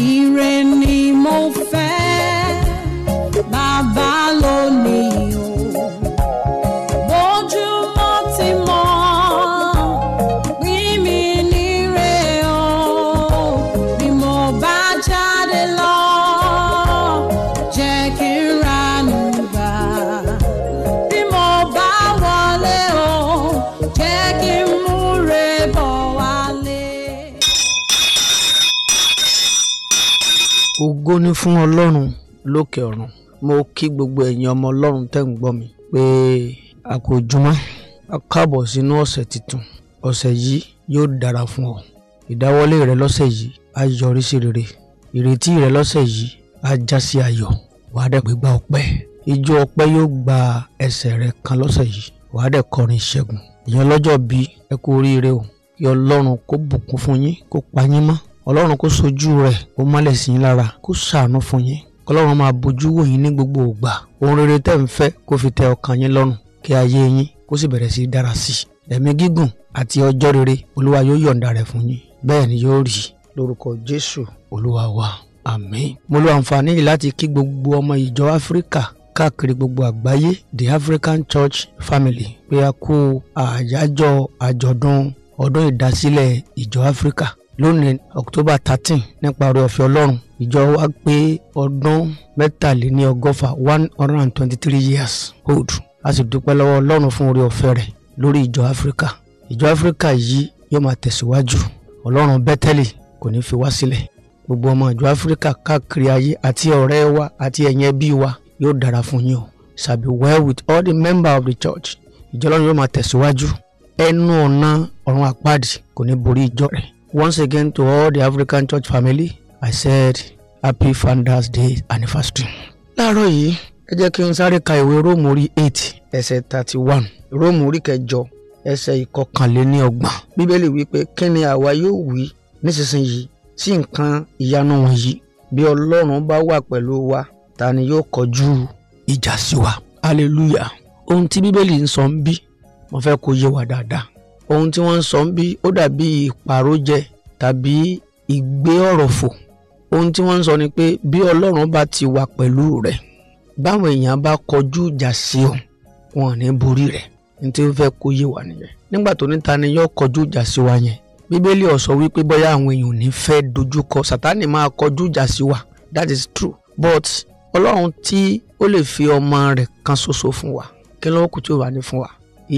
Si, re, ni, mo, ògo ni fún ọlọ́run lókè ọ̀run mo kí gbogbo ẹ̀yin ọmọ ọlọ́run tẹ́ ń gbọ́ mi pé a kò jumá a káàbọ̀ sínú ọ̀sẹ̀ tuntun ọ̀sẹ̀ yìí yóò dára fún ọ ìdáwọ́lé rẹ lọ́sẹ̀ yìí á yọrí sí rere ìrètí rẹ lọ́sẹ̀ yìí á já sí ayọ̀ wàá dẹ̀ gbégbá ọpẹ́ ijó ọpẹ́ yóò gba ẹsẹ̀ rẹ kan lọ́sẹ̀ yìí wàá dẹ̀ kọrin ìṣẹ́gun ìyẹn lọ́jọ́ bíi ẹ kú oríire o kí ọlọ́run kó bùkún fún yín kó pa yín mọ́ ọlọ́run kó sojú rẹ̀ kó mọ́lẹ̀ sí yín lára kó ṣàánú fún yín kọlọ́run máa bójú wò yín ní gbogbo ògbà ohun rere tẹ́ ń fẹ́ kó fi tẹ ọkàn yín lọ́rùn kí ayé yín kó sì bẹ̀rẹ̀ sí dára sí i ẹ̀mí gígùn àti ọjọ́ rere olúwa yóò yọ̀ǹda rẹ̀ fún yín bẹ́ẹ̀ ni yóò rí lórúkọ jésù olúwa wa àmín. mo lo àǹfààní yìí láti kí gbogbo ọmọ ìjọ áfíríkà káàkiri gbogbo àgbáyé the african church family pé a kú àyájọ́ àjọ̀dún ọdún ìdásílẹ̀ ìjọ áfíríkà lónìí october thirteen nípa oore ọ̀fẹ́ ọlọ́run ìjọ wa pé ọdún mẹ́tàléní ọgọ́fà one hundred and twenty three years old a sì dúpẹ́ lọ́wọ́ ọlọ́run fún oore ọ̀fẹ́ rẹ̀ lórí ìjọ áfíríkà ìjọ áfíríkà yìí yóò máa tẹ̀síwájú ọlọ́run bẹ́tẹ́lì kò ní fi wá sílẹ̀ gbogbo ọmọ ìjọ áfíríkà káàkiri ayé àti ọ̀rẹ́ wa àti ẹ̀yin ẹbí wa yóò dára fún yín o ṣàbí well with all the members of the church ìjọ ọlọ́run yóò máa tẹ̀síwájú ẹnu ọ̀nà ọ̀run àpáàdì kò ní borí ìjọ rẹ̀ once again to all the African church family I said happy founders day anniversary. láàárọ̀ yìí ẹ jẹ́ kí n sáré ka ìwé róòmù orí eight ẹsẹ̀ thirty one róòmù orí kẹjọ ẹsẹ̀ ìkọkànléníọgbọ̀n bíbélì wípé kí ni àwa yóò wí nísinsìnyí sí nǹkan ìyanu wọ̀nyí bí ọlọ́run bá wà pẹ̀lú wa ta ni yóò kọjú ìjà sí wa hallelujah ohun tí bíbélì ń sọ ń bí mo fẹ́ kó yé wa dáadáa ohun tí wọ́n ń sọ ń bí ó dàbí ìpàrójẹ tàbí ìgbé ọ̀rọ̀ fò ohun tí wọ́n ń sọ ni pé bí ọlọ́run bá ti wà pẹ̀lú rẹ̀ báwọn èèyàn bá kọjú ìjà sí ọ wọn ò ní borí rẹ̀ ní tí ó fẹ́ kó yé wa nìyẹn nígbà tó ní ni yóò kọjú ìjà sí wa yẹn bíbélì ó wípé bóyá àwọn èèyàn ò ní fẹ́ dojúkọ sátánì máa kọjú ìjà sí wa that is true but ọlọ́run tí ó lè fi ọmọ rẹ̀ kan ṣoṣo fún wa kí ló kù wà ní fún wa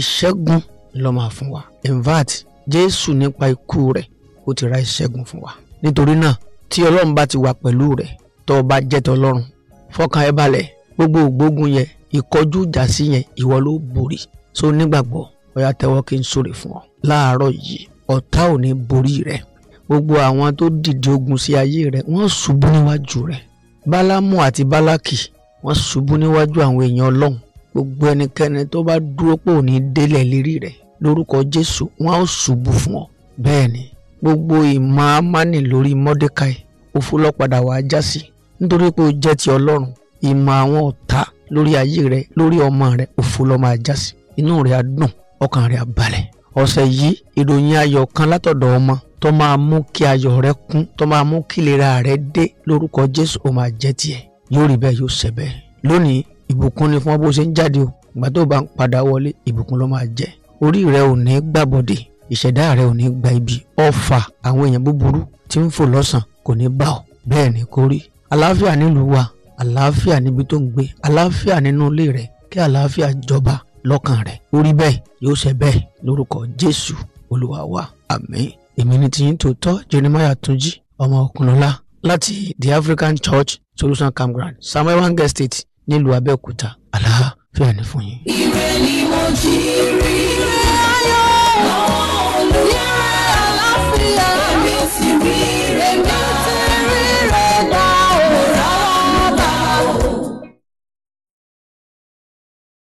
ìṣẹ́gun ló máa fún wa in fact jésù nípa ikú rẹ̀ ó ti ra ìṣẹ́gun fún wa nítorí náà tí ọlọ́run bá ti wà pẹ̀lú rẹ̀ tó o bá jẹ́ tọlọ́run fọkàn ẹ balẹ̀ gbogbo ògbógun yẹn ìkọjú ìjà sí yẹn ìwọ ló borí so nígbàgbọ́ ó yá tẹ́wọ́ kí n súre fún ọ láàárọ̀ yìí ọ̀tá ò ní borí rẹ gbogbo àwọn tó dìde ogun sí ayé rẹ wọ́n ṣubú níwájú rẹ bálámù àti bálákì wọ́n ṣubú níwájú àwọn èèyàn ọlọ́run gbogbo ẹnikẹ́ni tó bá dúró pò ní délẹ̀ lérí rẹ̀ lórúkọ Jésù wọn ó ṣubú fún ọ bẹ́ẹ̀ ni gbogbo ìmọ̀ amánì lórí Mọ́dékàì òfo lọ́padà wàá já sí nítorí pé o jẹ́ ti Ọlọ́run ìmọ̀ àwọn ọ̀tá lórí ayé rẹ lórí ọmọ rẹ òfo ló máa já sí inú rẹ á dùn ọkàn rẹ á balẹ̀ ọ̀sẹ̀ yìí ìròyìn ayọ̀ kan látọ̀dọ̀ ọmọ tó máa mú kí ayọ̀ rẹ kún tó máa mú kí ìlera rẹ dé lórúkọ Jésù ó máa jẹ́ tiẹ̀ yóò rí bẹ́ẹ̀ yóò ṣẹ bẹ́ẹ̀ lónìí ìbùkún ni fún ọ bó ṣe ń jáde o ìgbà tó bá ń padà wọlé ìbùkún ló máa jẹ́ orí rẹ ò ní gbàbọ̀dè ìṣẹ̀dá rẹ ò ní gba ibi ọ̀fà àwọn èèyàn búburú tí ń fò lọ́sàn kò ní bá ọ bẹ́ẹ̀ ni kó rí àlàáfíà nílùú wa àlàáfíà níbi tó ń gbé àlàáfíà nínú ilé rẹ kí àlàáfíà jọba lọ́kàn rẹ ó rí bẹ́ẹ̀ yóò ṣe bẹ́ẹ̀ lórúkọ Jésù Olúwa wa àmín èmi ni tiyín tòótọ́ Jeremiah Túnjí ọmọ Òkúnlọ́lá láti the African Church Solution Campground Samuel Wange State nílùú Abẹ́òkúta àlàáfíà ní fún yín. ire ni mo jí rí rẹ́. Yeah!